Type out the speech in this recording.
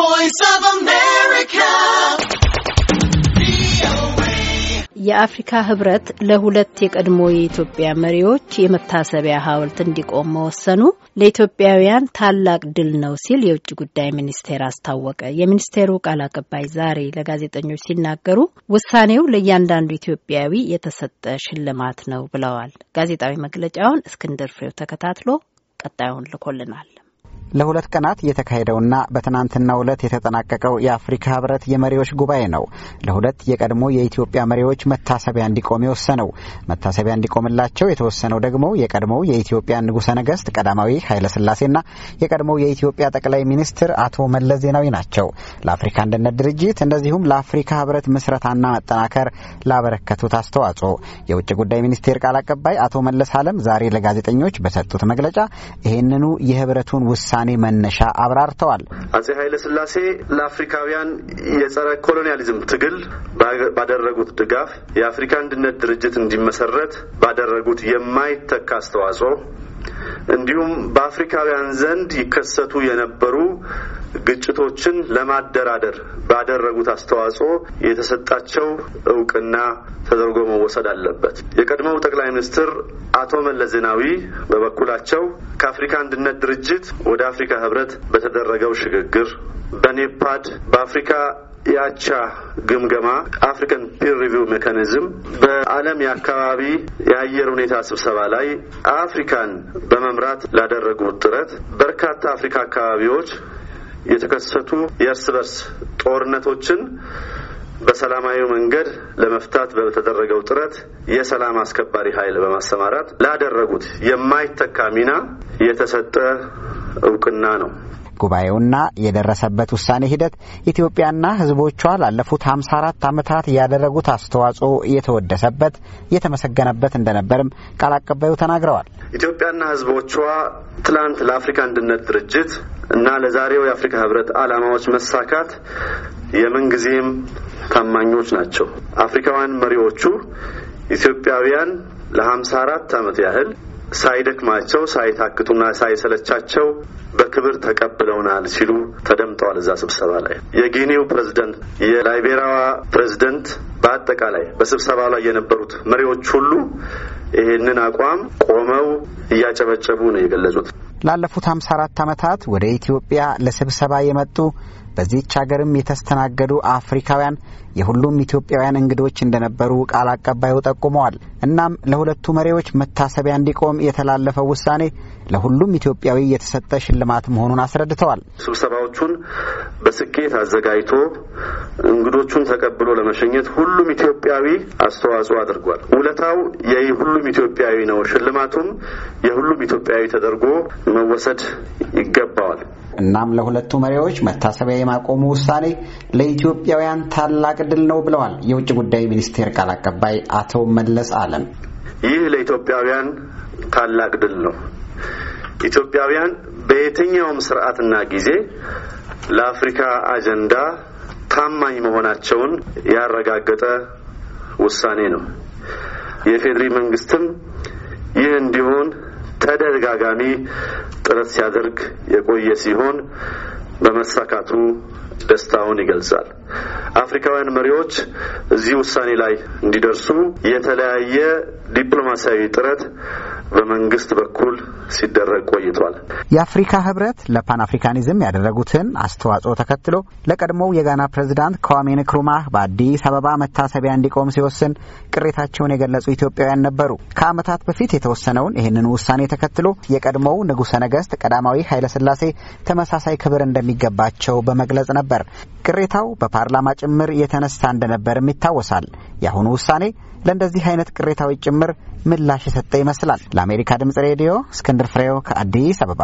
Voice የአፍሪካ ህብረት ለሁለት የቀድሞ የኢትዮጵያ መሪዎች የመታሰቢያ ሐውልት እንዲቆም መወሰኑ ለኢትዮጵያውያን ታላቅ ድል ነው ሲል የውጭ ጉዳይ ሚኒስቴር አስታወቀ። የሚኒስቴሩ ቃል አቀባይ ዛሬ ለጋዜጠኞች ሲናገሩ ውሳኔው ለእያንዳንዱ ኢትዮጵያዊ የተሰጠ ሽልማት ነው ብለዋል። ጋዜጣዊ መግለጫውን እስክንድር ፍሬው ተከታትሎ ቀጣዩን ልኮልናል። ለሁለት ቀናት የተካሄደውና በትናንትናው ዕለት የተጠናቀቀው የአፍሪካ ህብረት የመሪዎች ጉባኤ ነው ለሁለት የቀድሞ የኢትዮጵያ መሪዎች መታሰቢያ እንዲቆም የወሰነው። መታሰቢያ እንዲቆምላቸው የተወሰነው ደግሞ የቀድሞው የኢትዮጵያ ንጉሠ ነገሥት ቀዳማዊ ኃይለሥላሴና የቀድሞው የኢትዮጵያ ጠቅላይ ሚኒስትር አቶ መለስ ዜናዊ ናቸው። ለአፍሪካ አንድነት ድርጅት እንደዚሁም ለአፍሪካ ህብረት ምስረታና መጠናከር ላበረከቱት አስተዋጽኦ የውጭ ጉዳይ ሚኒስቴር ቃል አቀባይ አቶ መለስ አለም ዛሬ ለጋዜጠኞች በሰጡት መግለጫ ይህንኑ የህብረቱን ውሳኔ ውሳኔ መነሻ አብራርተዋል። አጼ ኃይለ ስላሴ ለአፍሪካውያን የጸረ ኮሎኒያሊዝም ትግል ባደረጉት ድጋፍ የአፍሪካ አንድነት ድርጅት እንዲመሰረት ባደረጉት የማይተካ አስተዋጽኦ እንዲሁም በአፍሪካውያን ዘንድ ይከሰቱ የነበሩ ግጭቶችን ለማደራደር ባደረጉት አስተዋጽኦ የተሰጣቸው እውቅና ተደርጎ መወሰድ አለበት። የቀድሞው ጠቅላይ ሚኒስትር አቶ መለስ ዜናዊ በበኩላቸው ከአፍሪካ አንድነት ድርጅት ወደ አፍሪካ ህብረት በተደረገው ሽግግር በኔፓድ በአፍሪካ የአቻ ግምገማ አፍሪካን ፒር ሪቪው ሜካኒዝም በዓለም የአካባቢ የአየር ሁኔታ ስብሰባ ላይ አፍሪካን በመምራት ላደረጉት ጥረት በርካታ አፍሪካ አካባቢዎች የተከሰቱ የእርስ በርስ ጦርነቶችን በሰላማዊ መንገድ ለመፍታት በተደረገው ጥረት የሰላም አስከባሪ ኃይል በማሰማራት ላደረጉት የማይተካ ሚና የተሰጠ እውቅና ነው። ጉባኤውና የደረሰበት ውሳኔ ሂደት ኢትዮጵያና ሕዝቦቿ ላለፉት 54 ዓመታት ያደረጉት አስተዋጽኦ የተወደሰበት የተመሰገነበት እንደነበርም ቃል አቀባዩ ተናግረዋል። ኢትዮጵያና ሕዝቦቿ ትላንት ለአፍሪካ አንድነት ድርጅት እና ለዛሬው የአፍሪካ ህብረት ዓላማዎች መሳካት የምንጊዜም ታማኞች ናቸው። አፍሪካውያን መሪዎቹ ኢትዮጵያውያን ለ54 ዓመት ያህል ሳይደክማቸው ሳይታክቱና ሳይሰለቻቸው በክብር ተቀብለውናል ሲሉ ተደምጠዋል። እዛ ስብሰባ ላይ የጊኒው ፕሬዝደንት፣ የላይቤሪያዋ ፕሬዝደንት፣ በአጠቃላይ በስብሰባ ላይ የነበሩት መሪዎች ሁሉ ይህንን አቋም ቆመው እያጨበጨቡ ነው የገለጹት። ላለፉት ሀምሳ አራት ዓመታት ወደ ኢትዮጵያ ለስብሰባ የመጡ በዚህች ሀገርም የተስተናገዱ አፍሪካውያን የሁሉም ኢትዮጵያውያን እንግዶች እንደነበሩ ቃል አቀባዩ ጠቁመዋል። እናም ለሁለቱ መሪዎች መታሰቢያ እንዲቆም የተላለፈው ውሳኔ ለሁሉም ኢትዮጵያዊ የተሰጠ ሽልማት መሆኑን አስረድተዋል። ስብሰባዎቹን በስኬት አዘጋጅቶ እንግዶቹን ተቀብሎ ለመሸኘት ሁሉም ኢትዮጵያዊ አስተዋጽኦ አድርጓል። ውለታው የሁሉም ኢትዮጵያዊ ነው። ሽልማቱም የሁሉም ኢትዮጵያዊ ተደርጎ መወሰድ ይገባዋል። እናም ለሁለቱ መሪዎች መታሰቢያ የማቆሙ ውሳኔ ለኢትዮጵያውያን ታላቅ ድል ነው ብለዋል የውጭ ጉዳይ ሚኒስቴር ቃል አቀባይ አቶ መለስ አለም። ይህ ለኢትዮጵያውያን ታላቅ ድል ነው። ኢትዮጵያውያን በየትኛውም ስርዓትና ጊዜ ለአፍሪካ አጀንዳ ታማኝ መሆናቸውን ያረጋገጠ ውሳኔ ነው። የፌዴሪ መንግስትም ይህ እንዲሆን ተደጋጋሚ ጥረት ሲያደርግ የቆየ ሲሆን በመሳካቱ ደስታውን ይገልጻል። አፍሪካውያን መሪዎች እዚህ ውሳኔ ላይ እንዲደርሱ የተለያየ ዲፕሎማሲያዊ ጥረት በመንግስት በኩል ሲደረግ ቆይቷል። የአፍሪካ ህብረት ለፓን አፍሪካኒዝም ያደረጉትን አስተዋጽኦ ተከትሎ ለቀድሞው የጋና ፕሬዚዳንት ከዋሜ ንክሩማህ በአዲስ አበባ መታሰቢያ እንዲቆም ሲወስን ቅሬታቸውን የገለጹ ኢትዮጵያውያን ነበሩ። ከዓመታት በፊት የተወሰነውን ይህንን ውሳኔ ተከትሎ የቀድሞው ንጉሠ ነገስት ቀዳማዊ ኃይለስላሴ ተመሳሳይ ክብር እንደሚገባቸው በመግለጽ ነበር። ቅሬታው በፓርላማ ጭምር የተነሳ እንደነበርም ይታወሳል። የአሁኑ ውሳኔ ለእንደዚህ አይነት ቅሬታዎች ጭምር ምላሽ የሰጠ ይመስላል። ለአሜሪካ ድምጽ ሬዲዮ እስክንድር ፍሬው ከአዲስ አበባ